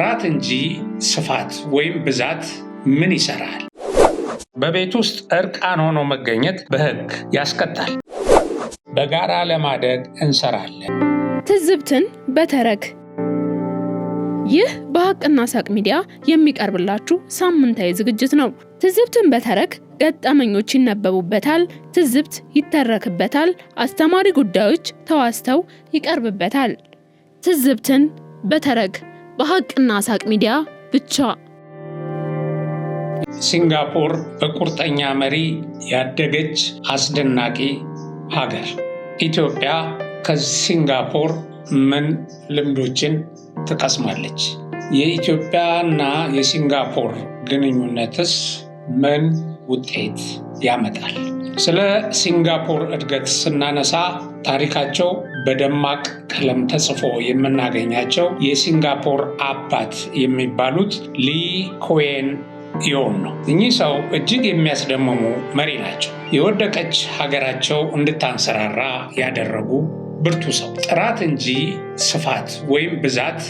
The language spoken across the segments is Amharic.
ጥራት እንጂ ስፋት ወይም ብዛት ምን ይሰራል? በቤት ውስጥ እርቃን ሆኖ መገኘት በህግ ያስቀጣል። በጋራ ለማደግ እንሰራለን። ትዝብትን በተረክ ይህ በሀቅና ሳቅ ሚዲያ የሚቀርብላችሁ ሳምንታዊ ዝግጅት ነው። ትዝብትን በተረክ ገጠመኞች ይነበቡበታል፣ ትዝብት ይተረክበታል፣ አስተማሪ ጉዳዮች ተዋስተው ይቀርብበታል። ትዝብትን በተረክ በሀቅና ሳቅ ሚዲያ ብቻ። ሲንጋፖር በቁርጠኛ መሪ ያደገች አስደናቂ ሀገር። ኢትዮጵያ ከሲንጋፖር ምን ልምዶችን ትቀስማለች? የኢትዮጵያና የሲንጋፖር ግንኙነትስ ምን ውጤት ያመጣል? ስለ ሲንጋፖር እድገት ስናነሳ ታሪካቸው በደማቅ ቀለም ተጽፎ የምናገኛቸው የሲንጋፖር አባት የሚባሉት ሊ ኩዌን ዮን ነው። እኚህ ሰው እጅግ የሚያስደምሙ መሪ ናቸው። የወደቀች ሀገራቸው እንድታንሰራራ ያደረጉ ብርቱ ሰው። ጥራት እንጂ ስፋት ወይም ብዛት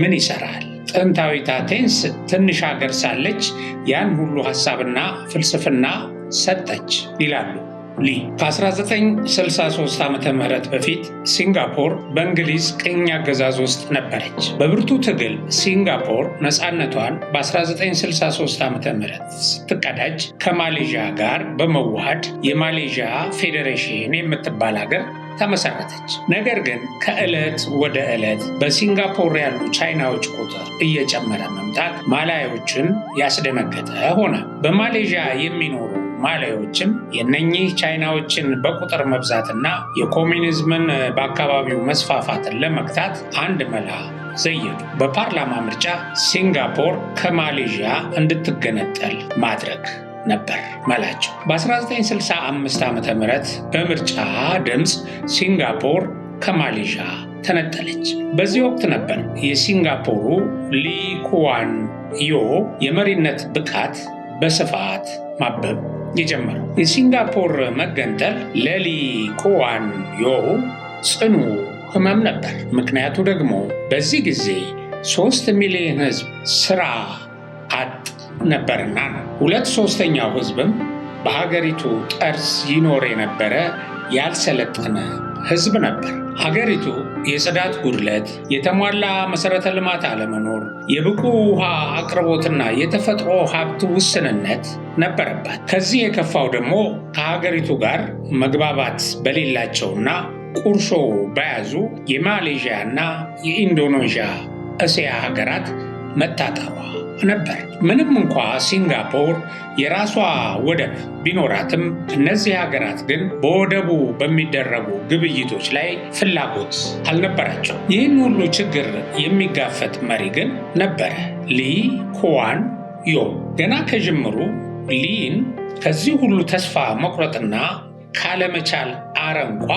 ምን ይሰራል? ጥንታዊቷ አቴንስ ትንሽ ሀገር ሳለች ያን ሁሉ ሀሳብና ፍልስፍና ሰጠች ይላሉ። ሊ ከ1963 ዓ ም በፊት ሲንጋፖር በእንግሊዝ ቅኝ አገዛዝ ውስጥ ነበረች። በብርቱ ትግል ሲንጋፖር ነፃነቷን በ1963 ዓ ም ስትቀዳጅ ከማሌዥያ ጋር በመዋሃድ የማሌዥያ ፌዴሬሽን የምትባል ሀገር ተመሰረተች። ነገር ግን ከዕለት ወደ ዕለት በሲንጋፖር ያሉ ቻይናዎች ቁጥር እየጨመረ መምጣት ማላዮችን ያስደነገጠ ሆነ። በማሌዥያ የሚኖሩ ሶማሌዎችም የነኚህ ቻይናዎችን በቁጥር መብዛትና የኮሚኒዝምን በአካባቢው መስፋፋትን ለመግታት አንድ መላ ዘየዱ። በፓርላማ ምርጫ ሲንጋፖር ከማሌዥያ እንድትገነጠል ማድረግ ነበር መላቸው። በ1965 ዓ ም በምርጫ ድምፅ ሲንጋፖር ከማሌዥያ ተነጠለች። በዚህ ወቅት ነበር የሲንጋፖሩ ሊኩዋን ዮ የመሪነት ብቃት በስፋት ማበብ የጀመረው። የሲንጋፖር መገንጠል ለሊ ኩዋን ዮ ጽኑ ህመም ነበር። ምክንያቱ ደግሞ በዚህ ጊዜ ሶስት ሚሊዮን ህዝብ ስራ አጥ ነበርና ነው። ሁለት ሶስተኛው ህዝብም በሀገሪቱ ጠርዝ ይኖር የነበረ ያልሰለጠነ ህዝብ ነበር። ሀገሪቱ የጽዳት ጉድለት፣ የተሟላ መሠረተ ልማት አለመኖር፣ የብቁ ውሃ አቅርቦትና የተፈጥሮ ሀብት ውስንነት ነበረባት። ከዚህ የከፋው ደግሞ ከሀገሪቱ ጋር መግባባት በሌላቸውና ቁርሾ በያዙ የማሌዥያና የኢንዶኔዥያ እስያ ሀገራት መታጠቧ ነበር። ምንም እንኳ ሲንጋፖር የራሷ ወደብ ቢኖራትም እነዚህ ሀገራት ግን በወደቡ በሚደረጉ ግብይቶች ላይ ፍላጎት አልነበራቸው። ይህን ሁሉ ችግር የሚጋፈጥ መሪ ግን ነበረ፣ ሊ ኩዋን ዮ። ገና ከጅምሩ ሊን ከዚህ ሁሉ ተስፋ መቁረጥና ካለመቻል አረንቋ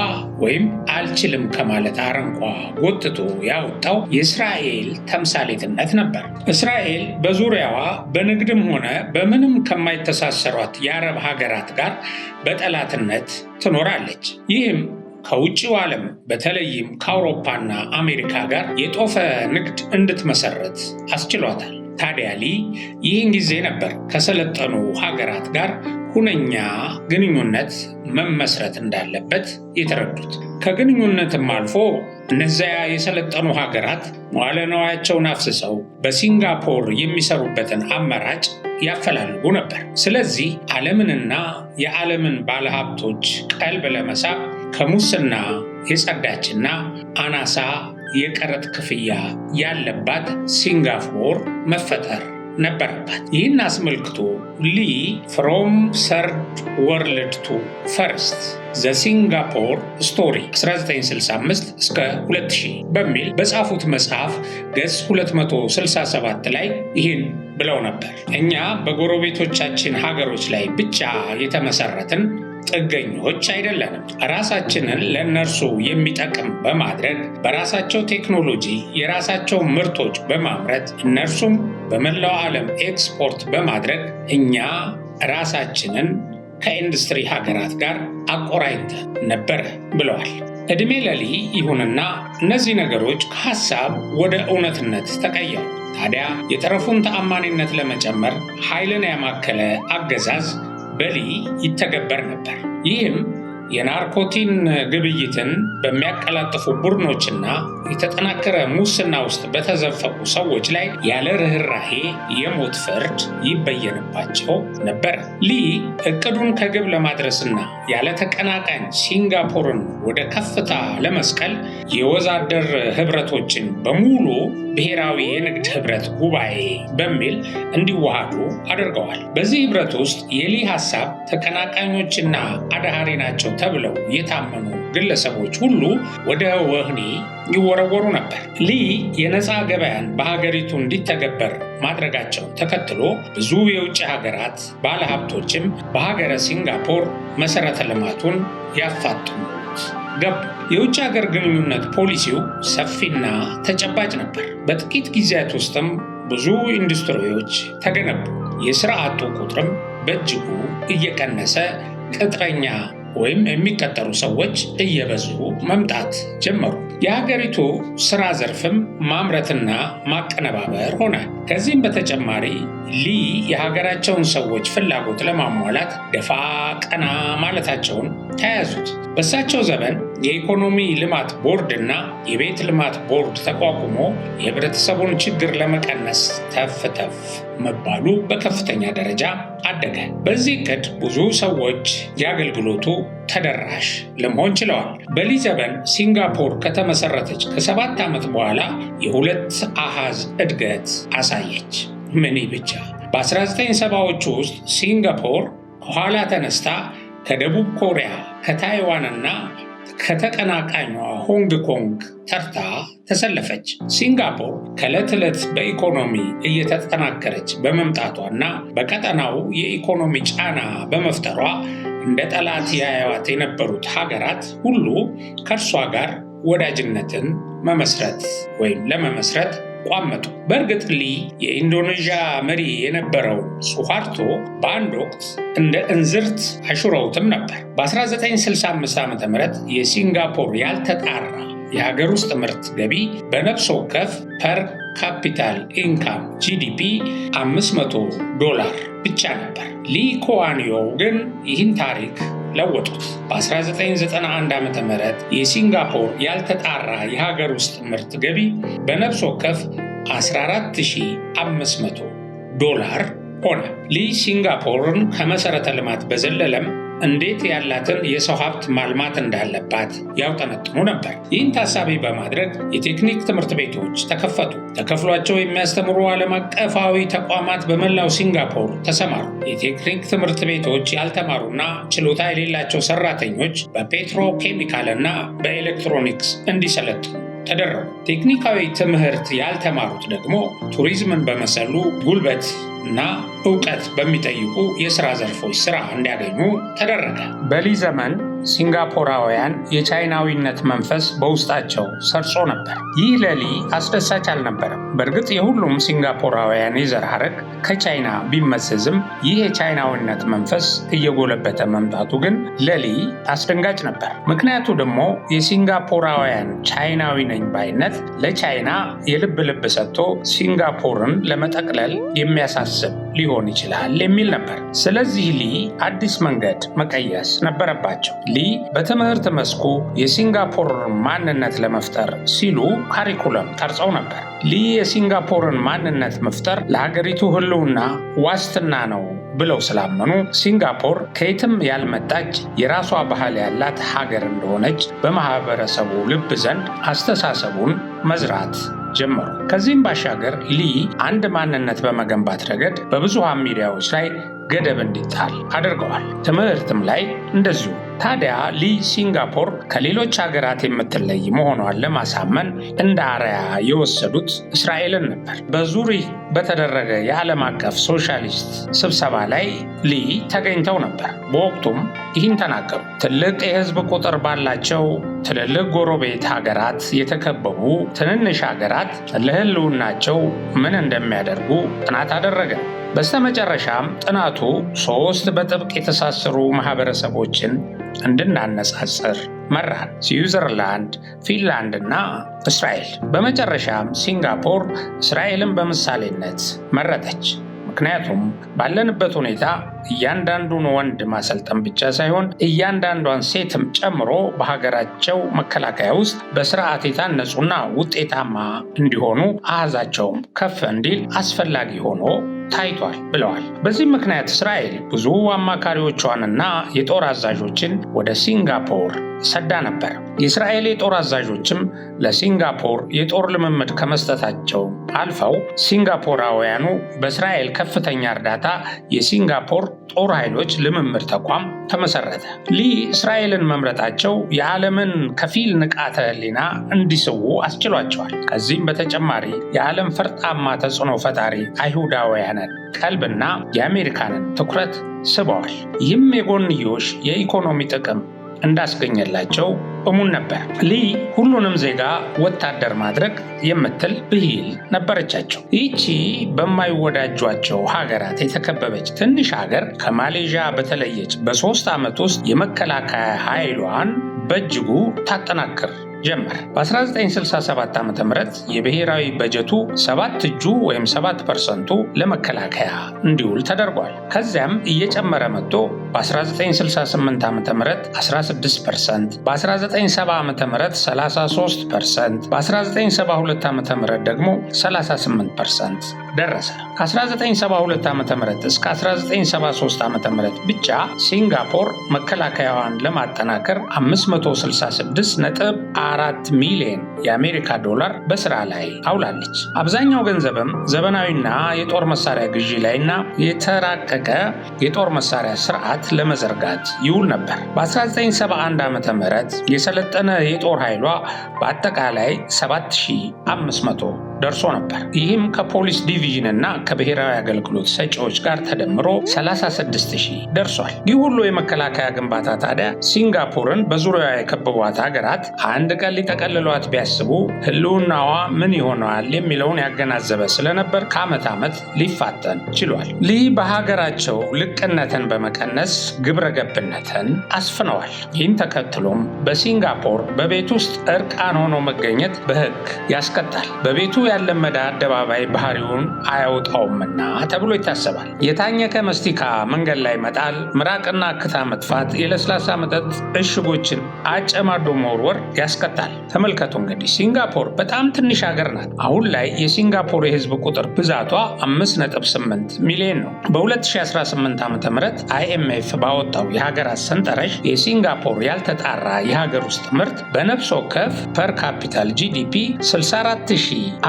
ወይም አልችልም ከማለት አረንቋ ጎትቶ ያወጣው የእስራኤል ተምሳሌትነት ነበር። እስራኤል በዙሪያዋ በንግድም ሆነ በምንም ከማይተሳሰሯት የአረብ ሀገራት ጋር በጠላትነት ትኖራለች። ይህም ከውጭው ዓለም በተለይም ከአውሮፓና አሜሪካ ጋር የጦፈ ንግድ እንድትመሰረት አስችሏታል። ታዲያ ሊ ይህን ጊዜ ነበር ከሰለጠኑ ሀገራት ጋር ሁነኛ ግንኙነት መመስረት እንዳለበት የተረዱት። ከግንኙነትም አልፎ እነዚያ የሰለጠኑ ሀገራት መዋለ አፍስሰው በሲንጋፖር የሚሰሩበትን አማራጭ ያፈላልጉ ነበር። ስለዚህ ዓለምንና የዓለምን ባለሀብቶች ቀልብ ለመሳብ ከሙስና የጸዳችና አናሳ የቀረጥ ክፍያ ያለባት ሲንጋፖር መፈጠር ነበረባት። ይህን አስመልክቶ ሊ ፍሮም ሰርድ ወርልድ ቱ ፈርስት ዘ ሲንጋፖር ስቶሪ 1965 እስከ 2000 በሚል በጻፉት መጽሐፍ ገጽ 267 ላይ ይህን ብለው ነበር። እኛ በጎረቤቶቻችን ሀገሮች ላይ ብቻ የተመሰረትን ጥገኞች አይደለንም። ራሳችንን ለእነርሱ የሚጠቅም በማድረግ በራሳቸው ቴክኖሎጂ የራሳቸው ምርቶች በማምረት እነርሱም በመላው ዓለም ኤክስፖርት በማድረግ እኛ ራሳችንን ከኢንዱስትሪ ሀገራት ጋር አቆራኝተ ነበረ ብለዋል። ዕድሜ ለሊ ይሁንና እነዚህ ነገሮች ከሐሳብ ወደ እውነትነት ተቀየሩ። ታዲያ የጠረፉን ተአማኒነት ለመጨመር ኃይልን ያማከለ አገዛዝ በሊ ይተገበር ነበር። ይህም የናርኮቲን ግብይትን በሚያቀላጥፉ ቡድኖችና የተጠናከረ ሙስና ውስጥ በተዘፈቁ ሰዎች ላይ ያለ ርኅራሄ የሞት ፍርድ ይበየንባቸው ነበር። ሊ እቅዱን ከግብ ለማድረስና ያለ ተቀናቃኝ ሲንጋፖርን ወደ ከፍታ ለመስቀል የወዛደር ህብረቶችን በሙሉ ብሔራዊ የንግድ ህብረት ጉባኤ በሚል እንዲዋሃዱ አድርገዋል። በዚህ ህብረት ውስጥ የሊ ሀሳብ ተቀናቃኞችና አድሃሪ ናቸው ተብለው የታመኑ ግለሰቦች ሁሉ ወደ ወህኒ ይወረወሩ ነበር። ሊ የነፃ ገበያን በሀገሪቱ እንዲተገበር ማድረጋቸውን ተከትሎ ብዙ የውጭ ሀገራት ባለሀብቶችም በሀገረ ሲንጋፖር መሰረተ ልማቱን ያፋጥኑት ገቡ። የውጭ ሀገር ግንኙነት ፖሊሲው ሰፊና ተጨባጭ ነበር። በጥቂት ጊዜያት ውስጥም ብዙ ኢንዱስትሪዎች ተገነቡ። የስራ አጡ ቁጥርም በእጅጉ እየቀነሰ ቅጥረኛ ወይም የሚቀጠሩ ሰዎች እየበዙ መምጣት ጀመሩ። የሀገሪቱ ስራ ዘርፍም ማምረትና ማቀነባበር ሆናል። ከዚህም በተጨማሪ ሊ የሀገራቸውን ሰዎች ፍላጎት ለማሟላት ደፋ ቀና ማለታቸውን ተያያዙት። በእሳቸው ዘመን የኢኮኖሚ ልማት ቦርድ እና የቤት ልማት ቦርድ ተቋቁሞ የህብረተሰቡን ችግር ለመቀነስ ተፍ ተፍ መባሉ በከፍተኛ ደረጃ አደገ። በዚህ እቅድ ብዙ ሰዎች የአገልግሎቱ ተደራሽ ለመሆን ችለዋል። በሊ ዘመን ሲንጋፖር ከተመሰረተች ከሰባት ዓመት በኋላ የሁለት አሃዝ እድገት አሳ አሳየች። ምን ብቻ በ1970ዎቹ ውስጥ ሲንጋፖር ከኋላ ተነስታ ከደቡብ ኮሪያ ከታይዋንና ከተቀናቃኟ ሆንግ ኮንግ ተርታ ተሰለፈች። ሲንጋፖር ከዕለት ዕለት በኢኮኖሚ እየተጠናከረች በመምጣቷ እና በቀጠናው የኢኮኖሚ ጫና በመፍጠሯ እንደ ጠላት ያያዋት የነበሩት ሀገራት ሁሉ ከእርሷ ጋር ወዳጅነትን መመስረት ወይም ለመመስረት አቋመጡ። በእርግጥ ሊ የኢንዶኔዥያ መሪ የነበረው ሱሃርቶ በአንድ ወቅት እንደ እንዝርት አሹረውትም ነበር። በ1965 ዓ ም የሲንጋፖር ያልተጣራ የሀገር ውስጥ ምርት ገቢ በነፍስ ወከፍ ፐር ካፒታል ኢንካም ጂዲፒ 500 ዶላር ብቻ ነበር። ሊ ግን ይህን ታሪክ ለወጡት። በ1991 ዓ ም የሲንጋፖር ያልተጣራ የሀገር ውስጥ ምርት ገቢ በነፍስ ወከፍ 14500 ዶላር ሆነ። ሊ ሲንጋፖርን ከመሠረተ ልማት በዘለለም እንዴት ያላትን የሰው ሀብት ማልማት እንዳለባት ያውጠነጥኑ ነበር። ይህን ታሳቢ በማድረግ የቴክኒክ ትምህርት ቤቶች ተከፈቱ። ተከፍሏቸው የሚያስተምሩ ዓለም አቀፋዊ ተቋማት በመላው ሲንጋፖር ተሰማሩ። የቴክኒክ ትምህርት ቤቶች ያልተማሩና ችሎታ የሌላቸው ሰራተኞች በፔትሮ ኬሚካልና በኤሌክትሮኒክስ እንዲሰለጥኑ ተደረጉ። ቴክኒካዊ ትምህርት ያልተማሩት ደግሞ ቱሪዝምን በመሰሉ ጉልበት እና እውቀት በሚጠይቁ የሥራ ዘርፎች ሥራ እንዲያገኙ ተደረገ። በሊ ዘመን ሲንጋፖራውያን የቻይናዊነት መንፈስ በውስጣቸው ሰርጾ ነበር። ይህ ለሊ አስደሳች አልነበረም። በእርግጥ የሁሉም ሲንጋፖራውያን የዘር ሐረግ ከቻይና ቢመዘዝም ይህ የቻይናዊነት መንፈስ እየጎለበተ መምጣቱ ግን ለሊ አስደንጋጭ ነበር። ምክንያቱ ደግሞ የሲንጋፖራውያን ቻይናዊ ነኝ ባይነት ለቻይና የልብ ልብ ሰጥቶ ሲንጋፖርን ለመጠቅለል የሚያሳ ስናስብ ሊሆን ይችላል የሚል ነበር። ስለዚህ ሊ አዲስ መንገድ መቀየስ ነበረባቸው። ሊ በትምህርት መስኩ የሲንጋፖር ማንነት ለመፍጠር ሲሉ ካሪኩለም ቀርጸው ነበር። ሊ የሲንጋፖርን ማንነት መፍጠር ለሀገሪቱ ሕልውና ዋስትና ነው ብለው ስላመኑ ሲንጋፖር ከየትም ያልመጣች የራሷ ባህል ያላት ሀገር እንደሆነች በማህበረሰቡ ልብ ዘንድ አስተሳሰቡን መዝራት ጀመሩ። ከዚህም ባሻገር ሊ አንድ ማንነት በመገንባት ረገድ በብዙሃን ሚዲያዎች ላይ ገደብ እንዲጣል አድርገዋል። ትምህርትም ላይ እንደዚሁ። ታዲያ ሊ ሲንጋፖር ከሌሎች ሀገራት የምትለይ መሆኗን ለማሳመን እንደ አርያ የወሰዱት እስራኤልን ነበር። በዙሪህ በተደረገ የዓለም አቀፍ ሶሻሊስት ስብሰባ ላይ ሊ ተገኝተው ነበር። በወቅቱም ይህን ተናገሩ። ትልቅ የህዝብ ቁጥር ባላቸው ትልልቅ ጎረቤት ሀገራት የተከበቡ ትንንሽ ሀገራት ለህልውናቸው ምን እንደሚያደርጉ ጥናት አደረገ። በስተመጨረሻም ጥናቱ ሶስት በጥብቅ የተሳሰሩ ማህበረሰቦችን እንድናነጻጽር መራን፤ ስዊዘርላንድ፣ ፊንላንድ እና እስራኤል። በመጨረሻም ሲንጋፖር እስራኤልን በምሳሌነት መረጠች። ምክንያቱም ባለንበት ሁኔታ እያንዳንዱን ወንድ ማሰልጠን ብቻ ሳይሆን እያንዳንዷን ሴትም ጨምሮ በሀገራቸው መከላከያ ውስጥ በስርዓት የታነጹና ውጤታማ እንዲሆኑ አሃዛቸውም ከፍ እንዲል አስፈላጊ ሆኖ ታይቷል ብለዋል። በዚህም ምክንያት እስራኤል ብዙ አማካሪዎቿንና የጦር አዛዦችን ወደ ሲንጋፖር ሰዳ ነበር። የእስራኤል የጦር አዛዦችም ለሲንጋፖር የጦር ልምምድ ከመስጠታቸው አልፈው ሲንጋፖራውያኑ በእስራኤል ከፍተኛ እርዳታ የሲንጋፖር ጦር ኃይሎች ልምምድ ተቋም ተመሰረተ። ሊ እስራኤልን መምረጣቸው የዓለምን ከፊል ንቃተ ሊና እንዲስቡ አስችሏቸዋል። ከዚህም በተጨማሪ የዓለም ፈርጣማ ተጽዕኖ ፈጣሪ አይሁዳውያንን ቀልብና የአሜሪካንን ትኩረት ስበዋል። ይህም የጎንዮሽ የኢኮኖሚ ጥቅም እንዳስገኘላቸው ይቃወሙን ነበር። ሊ ሁሉንም ዜጋ ወታደር ማድረግ የምትል ብሂል ነበረቻቸው። ይቺ በማይወዳጇቸው ሀገራት የተከበበች ትንሽ ሀገር ከማሌዥያ በተለየች በሶስት ዓመት ውስጥ የመከላከያ ኃይሏን በእጅጉ ታጠናክር ጀመር። በ1967 ዓ ም የብሔራዊ በጀቱ ሰባት እጁ ወይም 7 ፐርሰንቱ ለመከላከያ እንዲውል ተደርጓል። ከዚያም እየጨመረ መጥቶ በ1968 ዓ ም 16 ፐርሰንት፣ በ1970 ዓ ም 33 ፐርሰንት፣ በ1972 ዓ ም ደግሞ 38 ፐርሰንት ደረሰ። ከ1972 ዓ ም እስከ 1973 ዓ ም ብቻ ሲንጋፖር መከላከያዋን ለማጠናከር 566.4 ሚሊዮን የአሜሪካ ዶላር በስራ ላይ አውላለች። አብዛኛው ገንዘብም ዘመናዊና የጦር መሳሪያ ግዢ ላይና የተራቀቀ የጦር መሳሪያ ስርዓት ለመዘርጋት ይውል ነበር። በ1971 ዓ ም የሰለጠነ የጦር ኃይሏ በአጠቃላይ 7500 ደርሶ ነበር። ይህም ከፖሊስ ዲቪዥን እና ከብሔራዊ አገልግሎት ሰጪዎች ጋር ተደምሮ 36000 ደርሷል። ይህ ሁሉ የመከላከያ ግንባታ ታዲያ ሲንጋፖርን በዙሪያዋ የከበቧት ሀገራት አንድ ቀን ሊጠቀልሏት ቢያስቡ ህልውናዋ ምን ይሆነዋል የሚለውን ያገናዘበ ስለነበር ከዓመት ዓመት ሊፋጠን ችሏል። ይህ በሀገራቸው ልቅነትን በመቀነስ ግብረ ገብነትን አስፍነዋል። ይህን ተከትሎም በሲንጋፖር በቤት ውስጥ እርቃን ሆኖ መገኘት በህግ ያስቀጣል። በቤቱ ያለመደ አደባባይ ባህሪውን አያውጣውምና ተብሎ ይታሰባል። የታኘከ መስቲካ መንገድ ላይ መጣል፣ ምራቅና ክታ መጥፋት፣ የለስላሳ መጠጥ እሽጎችን አጨማዶ መወርወር ያስቀጣል። ተመልከቱ እንግዲህ ሲንጋፖር በጣም ትንሽ ሀገር ናት። አሁን ላይ የሲንጋፖር የህዝብ ቁጥር ብዛቷ 5.8 ሚሊዮን ነው። በ2018 ዓ ም አይኤምኤፍ ባወጣው የሀገራት ሰንጠረዥ የሲንጋፖር ያልተጣራ የሀገር ውስጥ ምርት በነፍስ ወከፍ ፐር ካፒታል ጂዲፒ 64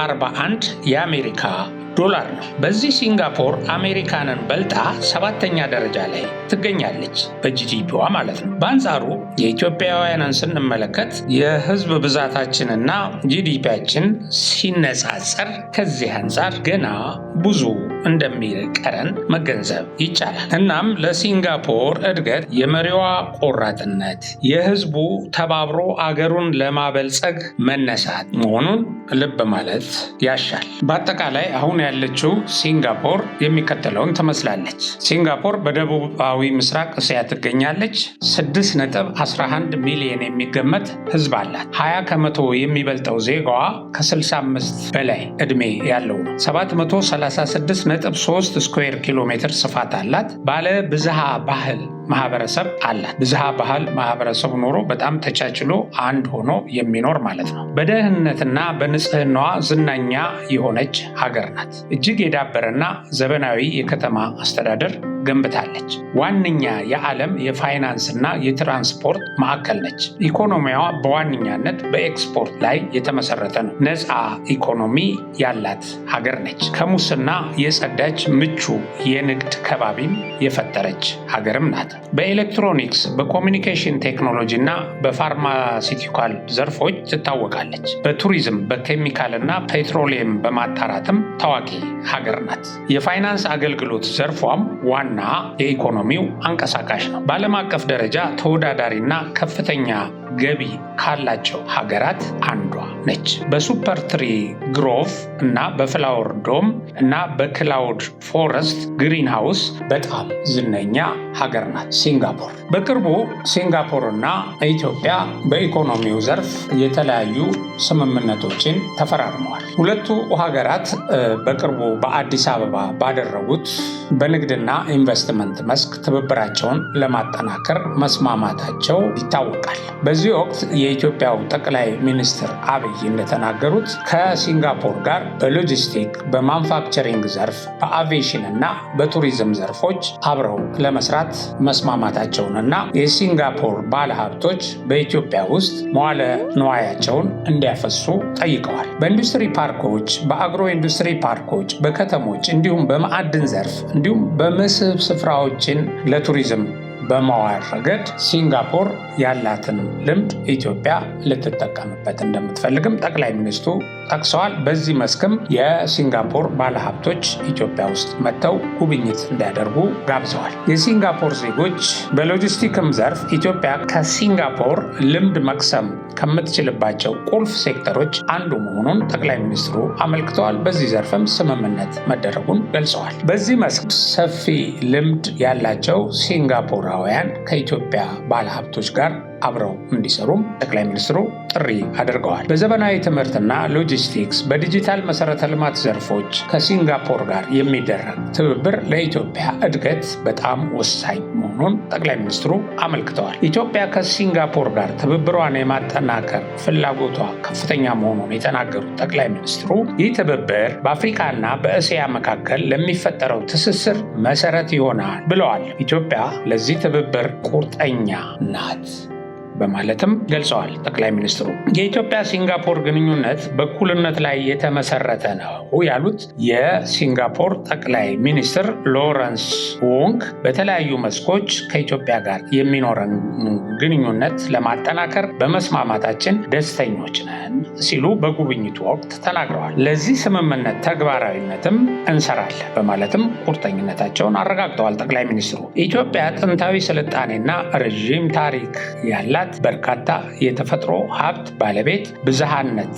Arba and America. ዶላር ነው። በዚህ ሲንጋፖር አሜሪካንን በልጣ ሰባተኛ ደረጃ ላይ ትገኛለች፣ በጂዲፒዋ ማለት ነው። በአንጻሩ የኢትዮጵያውያንን ስንመለከት የህዝብ ብዛታችንና ጂዲፒያችን ሲነጻጸር ከዚህ አንጻር ገና ብዙ እንደሚቀረን መገንዘብ ይቻላል። እናም ለሲንጋፖር እድገት የመሪዋ ቆራጥነት፣ የህዝቡ ተባብሮ አገሩን ለማበልጸግ መነሳት መሆኑን ልብ ማለት ያሻል። በአጠቃላይ አሁን ያለችው ሲንጋፖር የሚከተለውን ትመስላለች። ሲንጋፖር በደቡባዊ ምስራቅ እስያ ትገኛለች። 6.11 ሚሊዮን የሚገመት ህዝብ አላት። 20 ከመቶ የሚበልጠው ዜጋዋ ከ65 በላይ እድሜ ያለው ነው። 736.3 ስኩዌር ኪሎ ሜትር ስፋት አላት። ባለ ብዝሃ ባህል ማህበረሰብ አላት። ብዝሃ ባህል ማህበረሰቡ ኖሮ በጣም ተቻችሎ አንድ ሆኖ የሚኖር ማለት ነው። በደህንነትና በንጽህናዋ ዝናኛ የሆነች ሀገር ናት። እጅግ የዳበረና ዘመናዊ የከተማ አስተዳደር ገንብታለች። ዋነኛ የዓለም የፋይናንስና የትራንስፖርት ማዕከል ነች። ኢኮኖሚዋ በዋነኛነት በኤክስፖርት ላይ የተመሰረተ ነው። ነፃ ኢኮኖሚ ያላት ሀገር ነች። ከሙስና የጸዳች ምቹ የንግድ ከባቢም የፈጠረች ሀገርም ናት። በኤሌክትሮኒክስ፣ በኮሚኒኬሽን ቴክኖሎጂ እና በፋርማሲቲካል ዘርፎች ትታወቃለች። በቱሪዝም፣ በኬሚካል እና ፔትሮሊየም በማጣራትም ታዋቂ ሀገር ናት። የፋይናንስ አገልግሎት ዘርፏም ዋ ዋና የኢኮኖሚው አንቀሳቃሽ ነው። በዓለም አቀፍ ደረጃ ተወዳዳሪና ከፍተኛ ገቢ ካላቸው ሀገራት አንዷ ነች። በሱፐር ትሪ ግሮቭ እና በፍላወር ዶም እና በክላውድ ፎረስት ግሪን ሃውስ በጣም ዝነኛ ሀገር ናት ሲንጋፖር። በቅርቡ ሲንጋፖር እና ኢትዮጵያ በኢኮኖሚው ዘርፍ የተለያዩ ስምምነቶችን ተፈራርመዋል። ሁለቱ ሀገራት በቅርቡ በአዲስ አበባ ባደረጉት በንግድና ኢንቨስትመንት መስክ ትብብራቸውን ለማጠናከር መስማማታቸው ይታወቃል። በዚህ ወቅት የኢትዮጵያው ጠቅላይ ሚኒስትር አብይ አብይ እንደተናገሩት ከሲንጋፖር ጋር በሎጂስቲክ በማንፋክቸሪንግ ዘርፍ በአቪዬሽን እና በቱሪዝም ዘርፎች አብረው ለመስራት መስማማታቸውንና የሲንጋፖር ባለሀብቶች በኢትዮጵያ ውስጥ መዋለ ንዋያቸውን እንዲያፈሱ ጠይቀዋል። በኢንዱስትሪ ፓርኮች፣ በአግሮ ኢንዱስትሪ ፓርኮች፣ በከተሞች እንዲሁም በማዕድን ዘርፍ እንዲሁም በመስህብ ስፍራዎችን ለቱሪዝም በማዋል ረገድ ሲንጋፖር ያላትን ልምድ ኢትዮጵያ ልትጠቀምበት እንደምትፈልግም ጠቅላይ ሚኒስትሩ ጠቅሰዋል። በዚህ መስክም የሲንጋፖር ባለሀብቶች ኢትዮጵያ ውስጥ መጥተው ጉብኝት እንዲያደርጉ ጋብዘዋል። የሲንጋፖር ዜጎች በሎጂስቲክም ዘርፍ ኢትዮጵያ ከሲንጋፖር ልምድ መቅሰም ከምትችልባቸው ቁልፍ ሴክተሮች አንዱ መሆኑን ጠቅላይ ሚኒስትሩ አመልክተዋል። በዚህ ዘርፍም ስምምነት መደረጉን ገልጸዋል። በዚህ መስክ ሰፊ ልምድ ያላቸው ሲንጋፖራውያን ከኢትዮጵያ ባለሀብቶች ጋር አብረው እንዲሰሩም ጠቅላይ ሚኒስትሩ ጥሪ አድርገዋል። በዘመናዊ ትምህርትና ሎጂስቲክስ፣ በዲጂታል መሰረተ ልማት ዘርፎች ከሲንጋፖር ጋር የሚደረግ ትብብር ለኢትዮጵያ እድገት በጣም ወሳኝ መሆኑን ጠቅላይ ሚኒስትሩ አመልክተዋል። ኢትዮጵያ ከሲንጋፖር ጋር ትብብሯን የማጠናከር ፍላጎቷ ከፍተኛ መሆኑን የተናገሩት ጠቅላይ ሚኒስትሩ ይህ ትብብር በአፍሪካና በእስያ መካከል ለሚፈጠረው ትስስር መሰረት ይሆናል ብለዋል። ኢትዮጵያ ለዚህ ትብብር ቁርጠኛ ናት በማለትም ገልጸዋል። ጠቅላይ ሚኒስትሩ የኢትዮጵያ ሲንጋፖር ግንኙነት በእኩልነት ላይ የተመሰረተ ነው ያሉት የሲንጋፖር ጠቅላይ ሚኒስትር ሎረንስ ዎንግ በተለያዩ መስኮች ከኢትዮጵያ ጋር የሚኖረን ግንኙነት ለማጠናከር በመስማማታችን ደስተኞች ነን ሲሉ በጉብኝቱ ወቅት ተናግረዋል። ለዚህ ስምምነት ተግባራዊነትም እንሰራለ በማለትም ቁርጠኝነታቸውን አረጋግጠዋል። ጠቅላይ ሚኒስትሩ ኢትዮጵያ ጥንታዊ ስልጣኔና ረዥም ታሪክ ያላት በርካታ የተፈጥሮ ሀብት ባለቤት ብዝሃነት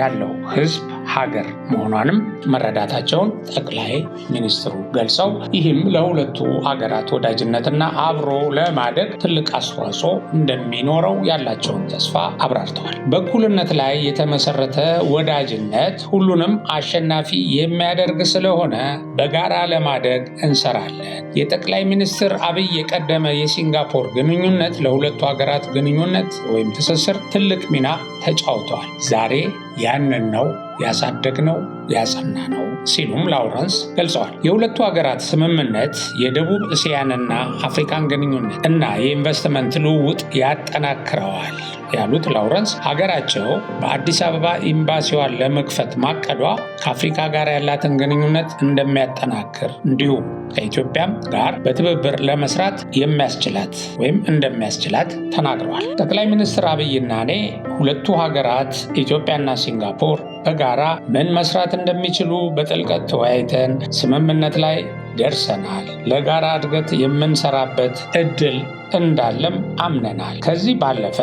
ያለው ህዝብ ሀገር መሆኗንም መረዳታቸውን ጠቅላይ ሚኒስትሩ ገልጸው ይህም ለሁለቱ ሀገራት ወዳጅነትና አብሮ ለማደግ ትልቅ አስተዋጽኦ እንደሚኖረው ያላቸውን ተስፋ አብራርተዋል። በእኩልነት ላይ የተመሰረተ ወዳጅነት ሁሉንም አሸናፊ የሚያደርግ ስለሆነ በጋራ ለማደግ እንሰራለን። የጠቅላይ ሚኒስትር አብይ የቀደመ የሲንጋፖር ግንኙነት ለሁለቱ ሀገራት ግንኙነት ወይም ትስስር ትልቅ ሚና ተጫውተዋል። ዛሬ ያንን ነው ያሳደግነው ያጸና ነው ሲሉም ላውረንስ ገልጸዋል። የሁለቱ ሀገራት ስምምነት የደቡብ እስያንና አፍሪካን ግንኙነት እና የኢንቨስትመንት ልውውጥ ያጠናክረዋል ያሉት ላውረንስ ሀገራቸው በአዲስ አበባ ኤምባሲዋን ለመክፈት ማቀዷ ከአፍሪካ ጋር ያላትን ግንኙነት እንደሚያጠናክር እንዲሁም ከኢትዮጵያም ጋር በትብብር ለመስራት የሚያስችላት ወይም እንደሚያስችላት ተናግረዋል። ጠቅላይ ሚኒስትር አብይና እኔ ሁለቱ ሀገራት ኢትዮጵያና ሲንጋፖር በጋራ ምን መስራት እንደሚችሉ በጥልቀት ተወያይተን ስምምነት ላይ ደርሰናል። ለጋራ እድገት የምንሰራበት እድል እንዳለም አምነናል። ከዚህ ባለፈ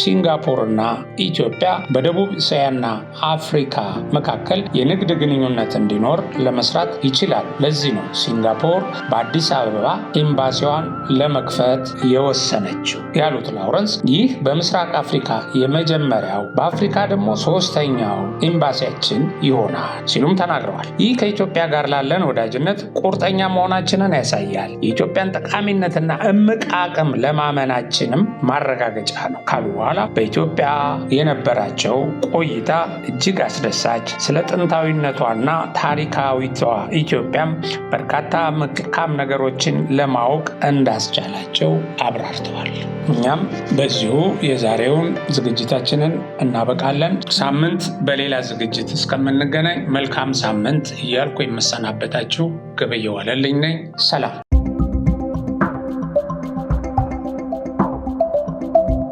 ሲንጋፖርና ኢትዮጵያ በደቡብ እስያና አፍሪካ መካከል የንግድ ግንኙነት እንዲኖር ለመስራት ይችላል። ለዚህ ነው ሲንጋፖር በአዲስ አበባ ኤምባሲዋን ለመክፈት የወሰነችው ያሉት ላውረንስ። ይህ በምስራቅ አፍሪካ የመጀመሪያው በአፍሪካ ደግሞ ሶስተኛው ኤምባሲያችን ይሆናል ሲሉም ተናግረዋል። ይህ ከኢትዮጵያ ጋር ላለን ወዳጅነት ቁርጠኛ መሆናችንን ያሳያል። የኢትዮጵያን ጠቃሚነትና እምቅ አቅም ለማመናችንም ማረጋገጫ ነው ካሉ በኋላ በኢትዮጵያ የነበራቸው ቆይታ እጅግ አስደሳች፣ ስለ ጥንታዊነቷና ታሪካዊቷ ኢትዮጵያም በርካታ መልካም ነገሮችን ለማወቅ እንዳስቻላቸው አብራርተዋል። እኛም በዚሁ የዛሬውን ዝግጅታችንን እናበቃለን። ሳምንት በሌላ ዝግጅት እስከምንገናኝ መልካም ሳምንት እያልኩ የምሰናበታችሁ ገበየሁ ዋለልኝ ነኝ። ሰላም።